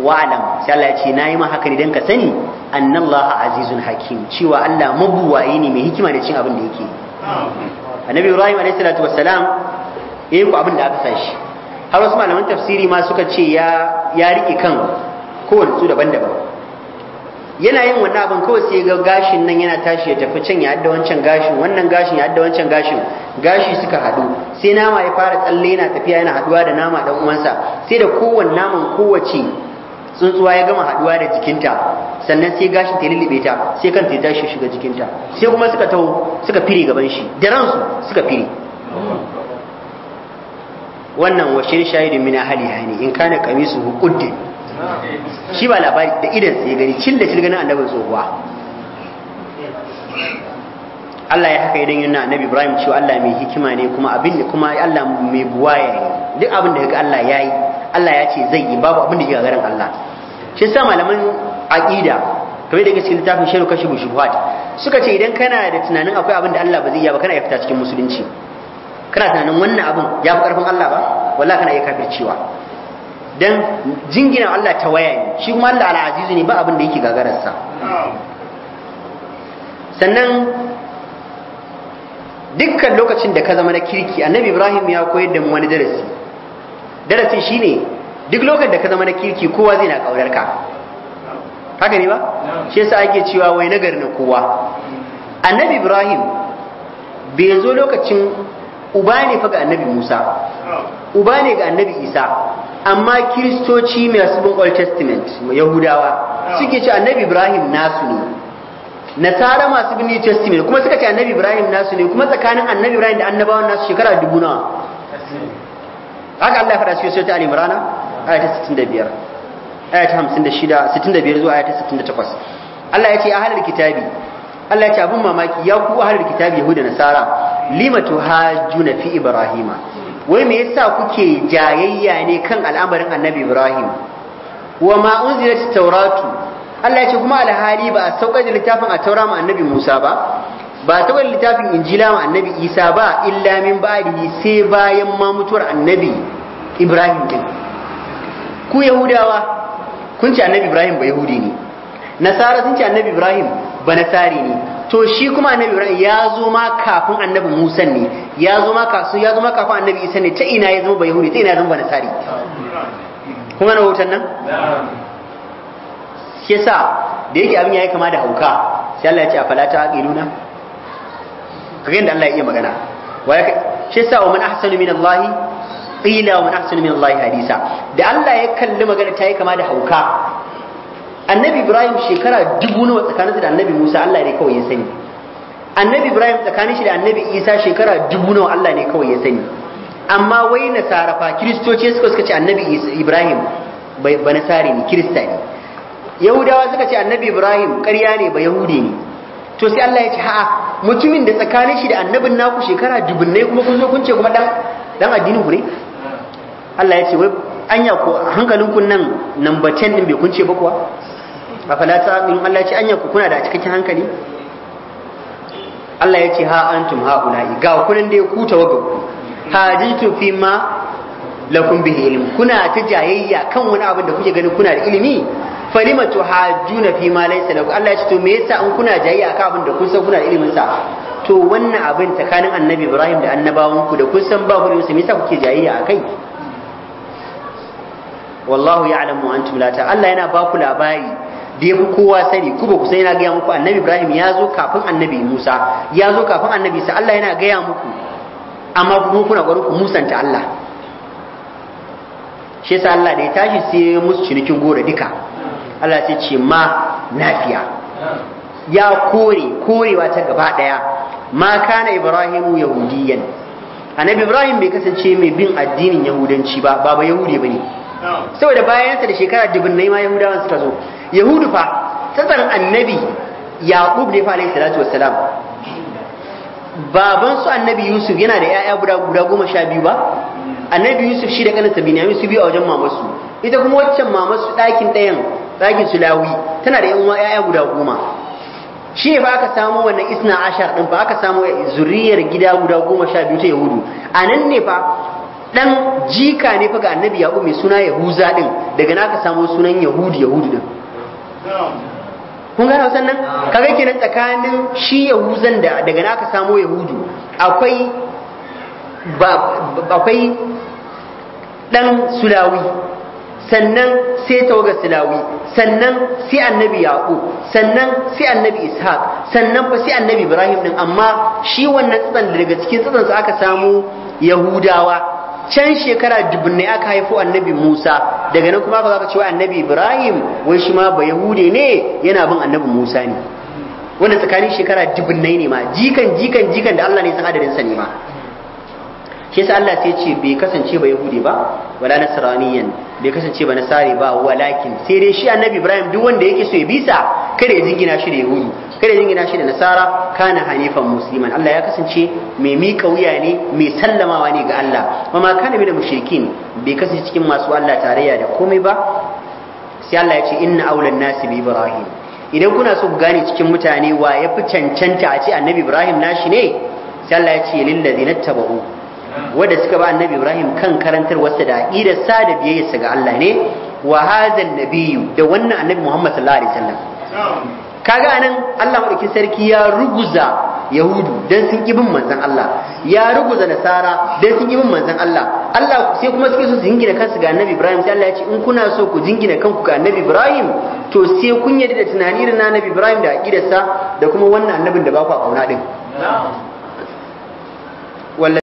alam sai Allah ya ce nayi ma haka ne dan ka sani annallaha azizun hakim cewa Allah mabuwaye ne mai hikima da cin abin da yake annabi ibrahim alayhi salatu wassalam yayi ku abin da aka sa shi har wasu malaman tafsiri ma suka ce ya ya rike kan kowane su daban-daban yana yin wannan abin kawai sai ga gashin nan yana tashi ya tafi can ya adda wancan gashin wannan gashin ya adda wancan gashin gashi suka haɗu sai nama ya fara tsalle yana tafiya yana haɗuwa da nama dan uwansa sai da kowanne naman kowace tsuntsuwa ya gama haduwa da jikinta sannan sai gashin ta lullube ta sai kan ta tashi shiga jikinta sai kuma suka taho suka fire gaban shi da ransu suka fire wannan washin shahidin min ahli hani in kana qamisu quddi shi ba labari da idan sai gani cin da cin ganin annabin tsohuwa Allah ya haka idan yana annabi Ibrahim cewa Allah mai hikima ne kuma abin kuma Allah mai buwaya ne duk abin da ga Allah yayi Allah ya ce zai yi babu abin da ke garin Allah shi yasa malaman aqida kamar daga cikin littafin shehu kashibu shubhat suka ce idan kana da tunanin akwai abin da Allah ba zai yi ba kana aikata cikin musulunci kana tunanin wannan abin ya fi karfin Allah ba wallahi kana iya kafircewa dan jingina Allah ta waya ne shi kuma Allah al-azizu ne ba abin da yake gagararsa sannan dukkan lokacin da ka zama na kirki annabi Ibrahim ya koyar da mu wani darasi darasin ne duk lokacin da ka zama na kirki kowa zai na ƙaunar ka haka ne ba shi yasa ake cewa wai gari na kowa annabi ibrahim bai zo lokacin uba ne fa ga annabi musa uba ne ga annabi isa amma kiristoci masu bin old testament yahudawa suke ce annabi ibrahim nasu ne nasara masu bin new testament kuma suka ce annabi ibrahim nasu ne kuma tsakanin annabi ibrahim da annabawan nasu shekara dubu nawa haka Allah ya faɗa cikin suratul Ali Imran aya ta 65 aya ta 56 65 zuwa aya ta 68 Allah ya ce ahlul kitabi Allah ya ce abun mamaki ya ku ahlul kitabi yahuda nasara lima tuhajjuna fi ibrahima wai me yasa kuke jayayya ne kan al'amarin annabi ibrahim wa ma unzilat tauratu Allah ya ce kuma alhali ba a sauƙa da littafin a taura ma annabi Musa ba ba ta wani littafin injila ma annabi isa ba illa min ba'dihi sai bayan ma mutuwar annabi ibrahim din ku yahudawa kun ce annabi ibrahim ba yahudi ne nasara sun ce annabi ibrahim ba nasari ne to shi kuma annabi ibrahim ya zo ma kafin annabi musa ne ya zo ma kasu ya zo ma kafin annabi isa ne ta ina ya zama ba yahudi ta ina ya zama ba nasari Kuma na hoton nan Ya yasa da yake abin ya yi kama da hauka sai Allah ya ce a falata aqiluna kaga yadda Allah ya iya magana wa ya shi sa wa man ahsanu min Allah qila wa man ahsanu min Allah hadisa da Allah ya kalli magana ta yi kama da hauka annabi Ibrahim shekara dubu nawa tsakanin da annabi Musa Allah ne kawai ya sani annabi Ibrahim tsakanin shi da annabi Isa shekara dubu nawa Allah ne kawai ya sani amma wai nasara fa kristoci suka suka ce annabi Ibrahim ba nasari ne kirista ne yahudawa suka ce annabi Ibrahim ƙarya ne ba yahudi ne to sai Allah ya ce ha'a mutumin da tsakanin shi da annabin naku shekara dubunnai kuma kun zo kun ce kuma dan dan addinin ku ne Allah ya ce wai anya ku hankalin kun nan number bacen din bai kun ce ba kuwa ba falata in Allah ya ce anya ku kuna da cikakken hankali Allah ya ce ha antum ulai ga kunan da ya kuta waga jitu fi ma lakum bihi ilm kuna ta jayayya kan wani abin da kuke ganin kuna da ilimi falima juna fi ma laysa lakum Allah ya ce to me yasa in kuna jayi akan abin da kun san kuna da ilimin sa to wannan abin tsakanin annabi Ibrahim da annabawan ku da kun san ba ku su me yasa kuke jayi akai wallahu ya'lamu antum la ta Allah yana ba ku labari da yafi kowa sani kuma ku sai na gaya muku annabi ibrahim ya zo kafin annabi musa ya zo kafin annabi sa allah yana gaya muku amma kuma kuna gwarin ku musanta allah shi yasa allah da ya tashi sai ya musu cinikin gora duka Allah sai ce ma nafiya ya kore korewa ta gaba daya ma kana ibrahimu yahudiyan annabi ibrahim bai kasance mai bin addinin yahudanci ba ba ba yahudi bane saboda bayansa da shekara dubunnai ma yahudawa suka zo yahudu fa tsaron annabi yaqub ne fa alayhi salatu wassalam baban su annabi yusuf yana da yaya guda guda goma sha biyu ba annabi yusuf shi da kanin sabini yusuf biyu a wajen mamarsu. ita kuma waccan mamarsu ɗakin ɗayan ɗakin sulawi tana da yan yaya guda goma shi ne ba aka samu wannan isna ashar din ba aka samu zuriyar gida guda goma sha biyu ta yahudu a nan ne fa dan jika ne fa ga annabi yaqub mai suna yahuza din daga na aka samu sunan yahudu yahudu din kun gane wannan nan kaga kenan tsakanin shi yahuzan da daga na aka samu yahudu akwai akwai dan sulawi sannan sai tawagar silawi sannan sai annabi yaqu sannan sai annabi ishaq sannan fa sai annabi ibrahim din amma shi wannan da daga cikin tsitsan su aka samu yahudawa can shekara dubunne aka haifo annabi Musa daga nan kuma aka zaka cewa annabi Ibrahim wai shi ma ba Yahude ne yana bin annabi Musa ne wanda tsakanin shekara dubunne ne ma jikan jikan jikan da Allah ne san adadin sa ne ma shi yasa Allah sai ce bai kasance ba yahudi ba wala nasraniyan bai kasance ba nasari ba walakin sai dai shi annabi ibrahim duk wanda yake so ya bisa kada ya jingina shi da Yahudi kada jingina shi da nasara kana hanifan musliman Allah ya kasance mai mika wuya ne mai sallamawa ne ga Allah amma kana bi da mushrikin bai kasance cikin masu Allah tarayya da komai ba sai Allah ya ce inna aulan nasi bi ibrahim idan kuna so ku gane cikin mutane wa ya fi cancanta a ce annabi ibrahim nashi ne sai Allah ya ce lillazina tabau wanda suka ba annabi Ibrahim kan karantar wasu da aqidar sa da biyayyarsa ga Allah ne wa hadha nabiyyu da wannan annabi Muhammad sallallahu alaihi wasallam kaga anan Allah madaukin sarki ya ruguza yahudu dan sun kibin manzon Allah ya ruguza nasara dan sun kibin manzon Allah Allah sai kuma suke so su jingina kansu ga annabi Ibrahim sai Allah ya ce in kuna so ku jingina kanku ga annabi Ibrahim to sai kun yarda da tunani na annabi Ibrahim da aqidarsa da kuma wannan annabin da ba ku kauna din